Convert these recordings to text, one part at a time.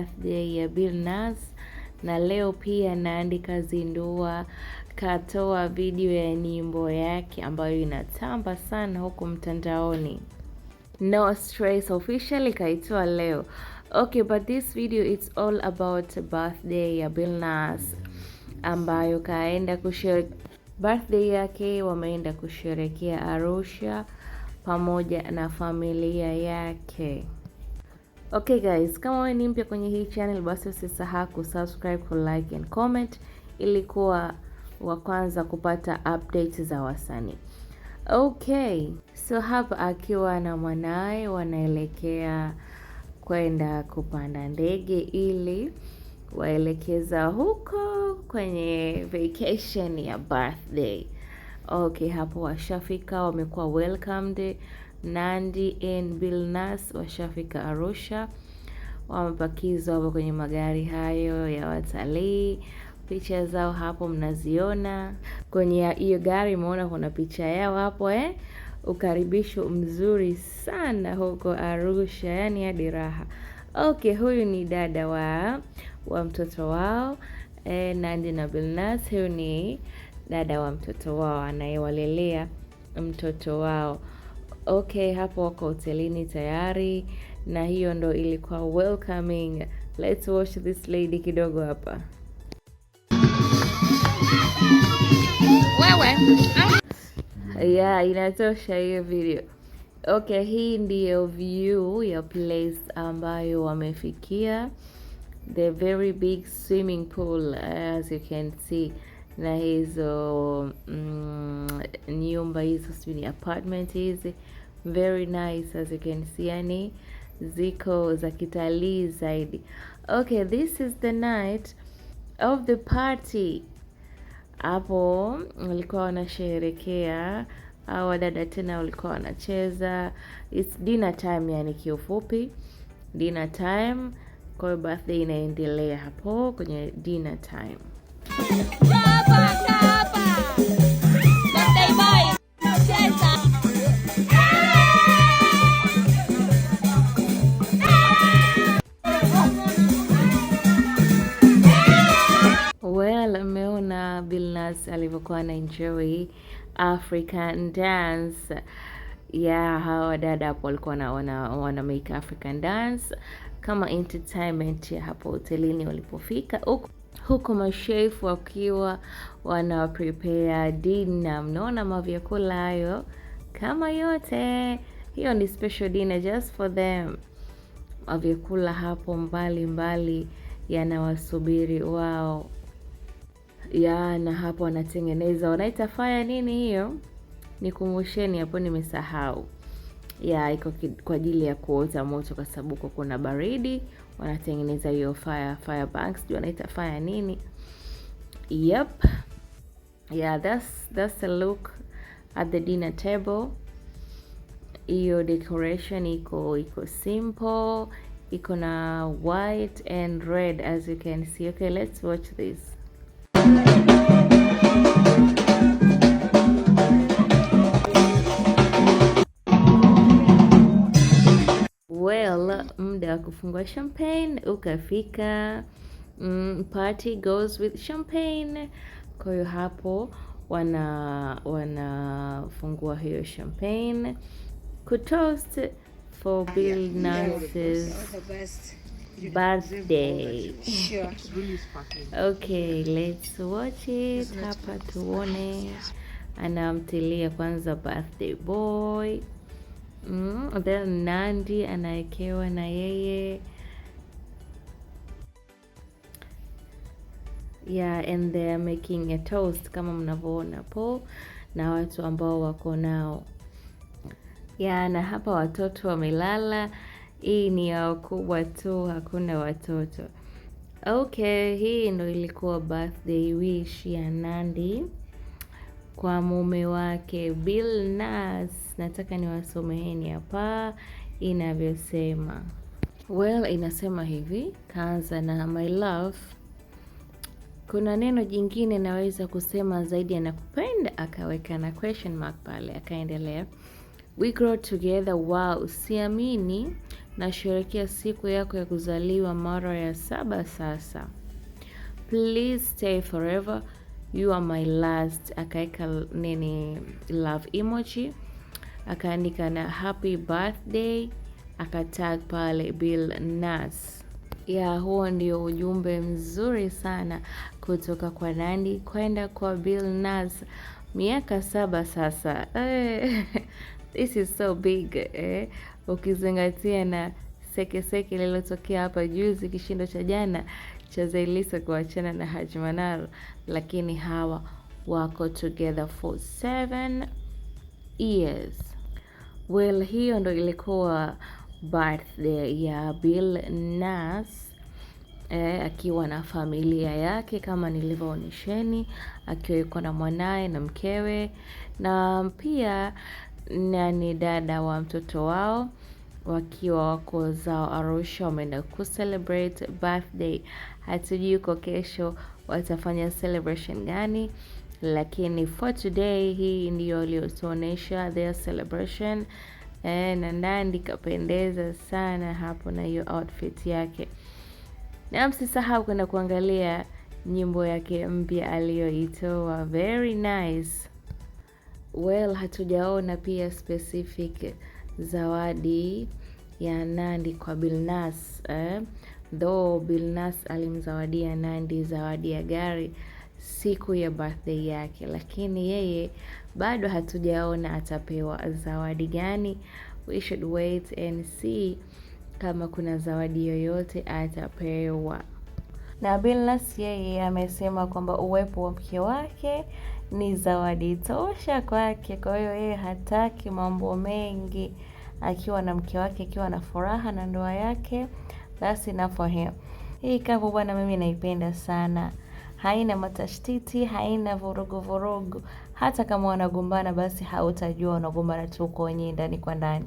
birthday ya Billnass na leo pia Nandy kazindua katoa video ya nyimbo yake ambayo inatamba sana huko mtandaoni. No Stress official ikaitoa leo. Okay, but this video it's all about birthday ya Billnass ambayo kaenda kusherehekea birthday yake, wameenda kusherekea Arusha pamoja na familia yake. Okay guys, kama wewe ni mpya kwenye hii channel basi usisahau kusubscribe, ku like and comment ili kuwa wa kwanza kupata updates za wasanii. Okay, so hapa akiwa na mwanaye wanaelekea kwenda kupanda ndege ili waelekeza huko kwenye vacation ya birthday. Okay, hapo washafika, wamekuwa welcomed Nandi, Bilnas washafika Arusha, wamepakizwa hapo kwenye magari hayo ya watalii. Picha zao hapo mnaziona kwenye hiyo gari, umeona kuna picha yao hapo eh? Ukaribisho mzuri sana huko Arusha, yani hadi raha. Okay, huyu ni dada wa wa mtoto wao eh, Nandi na Bilnas. Huyu ni dada wa mtoto wao anayewalelea mtoto wao okay, hapo wako hotelini tayari, na hiyo ndo ilikuwa welcoming. Let's watch this lady kidogo hapa. Wewe yeah, inatosha hiyo video. Okay, hii ndiyo view ya place ambayo wamefikia, the very big swimming pool as you can see na hizo mm, nyumba hizo sijui ni apartment hizi very nice as you can see, yani ziko za kitalii zaidi. Okay, this is the night of the party. Hapo walikuwa wanasherekea au wadada tena walikuwa wanacheza. It's dinner time, yani kiufupi dinner time. Kwa hiyo birthday inaendelea hapo kwenye dinner time alivyokuwa na enjoy alivyokuwa African dance yeah, hawa wadada hapo walikuwa wanaona wana make African dance kama entertainment ya hapo hotelini walipofika huko huku mashefu wakiwa wana prepare dinner. Mnaona mavyakula hayo kama yote, hiyo ni special dinner just for them. Mavyakula hapo mbali mbali yanawasubiri wao ya na hapo wanatengeneza, wanaita faya nini hiyo, nikumbusheni hapo, nimesahau. Ya iko kwa ajili ya kuota moto, kwa sababu kuna baridi wanatengeneza hiyo fire fire banks, sijui wanaita fire nini. Yep, yeah, that's that's a look at the dinner table. Hiyo decoration iko iko simple, iko na white and red as you can see. Okay, let's watch this. ya kufungua champagne ukafika mm, party goes with champagne. Kwa hiyo hapo wana wanafungua hiyo champagne toast for ah, Bill Nance's birthday. Okay, let's watch it. Hapa tuone anamtilia kwanza birthday boy then mm, Nandy anawekewa na yeye yeah, and they are making a toast kama mnavyoona po na watu ambao wako nao ya na hapa watoto wamelala. Hii ni yao kubwa tu, hakuna watoto. Okay, hii ndo ilikuwa birthday wish ya nandi kwa mume wake Bill nas nataka niwasomeheni hapa inavyosema. Well, inasema hivi, kaanza na my love. Kuna neno jingine naweza kusema zaidi ya nakupenda, akaweka na question mark pale, akaendelea we grow together. Wow, siamini. nasherekea siku yako ya kuzaliwa mara ya saba sasa. Please stay forever, you are my last. Akaweka nini love emoji akaandika na happy birthday, akatag pale Bill nas Ya, huo ndio ujumbe mzuri sana kutoka kwa Nandi kwenda kwa Bill nas miaka saba sasa eh, this is so big eh, ukizingatia na sekeseke lililotokea hapa juzi, kishindo cha jana cha Zailisa kuachana na Hajmanal, lakini hawa wako together for seven years. Well, hiyo ndo ilikuwa birthday ya Bill nas eh, akiwa na familia yake kama nilivyoonyesheni, akiwa yuko na mwanaye na mkewe na pia nani dada wa mtoto wao wakiwa wako zao Arusha, wameenda ku celebrate birthday. Hatujui uko kesho watafanya celebration gani lakini for today hii ndiyo aliyotuonesha their celebration eh, na Nandy kapendeza sana hapo na hiyo outfit yake, na msisahau kwenda kuangalia nyimbo yake mpya aliyoitoa very nice. Well, hatujaona pia specific zawadi ya Nandy kwa Billnass eh? Though Billnass alimzawadia Nandy zawadi ya gari siku ya birthday yake, lakini yeye bado hatujaona atapewa zawadi gani. We should wait and see kama kuna zawadi yoyote atapewa. Na Bilnas yeye amesema kwamba uwepo wa mke wake ni zawadi tosha kwake, kwa hiyo yeye hataki mambo mengi, akiwa na mke wake, akiwa na furaha na ndoa yake, basi na for him. Hii kavu bwana, mimi naipenda sana haina matashtiti, haina vurugu vurugu. Hata kama wanagombana, basi hautajua wanagombana tu kwa wenyewe ndani kwa ndani.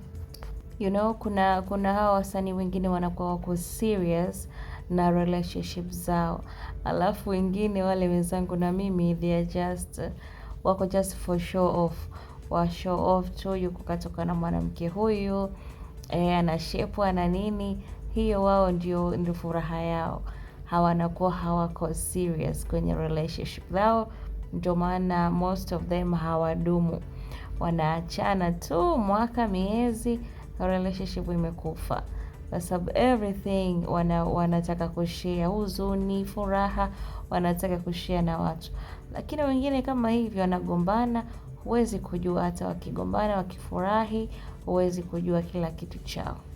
You know, kuna kuna hawa wasanii wengine wanakuwa wako serious na relationship zao, alafu wengine wale wenzangu na mimi they are just wako just for show off, wa show off tu, yuko katoka na mwanamke huyu e, ana shepu ana nini. Hiyo wao ndio ndio furaha yao hawanakuwa hawako serious kwenye relationship zao, ndio maana most of them hawadumu, wanaachana tu mwaka, miezi, relationship imekufa kwa sababu everything wana, wanataka kushia huzuni, furaha wanataka kushia na watu, lakini wengine kama hivyo wanagombana, huwezi kujua hata wakigombana, wakifurahi, huwezi kujua kila kitu chao.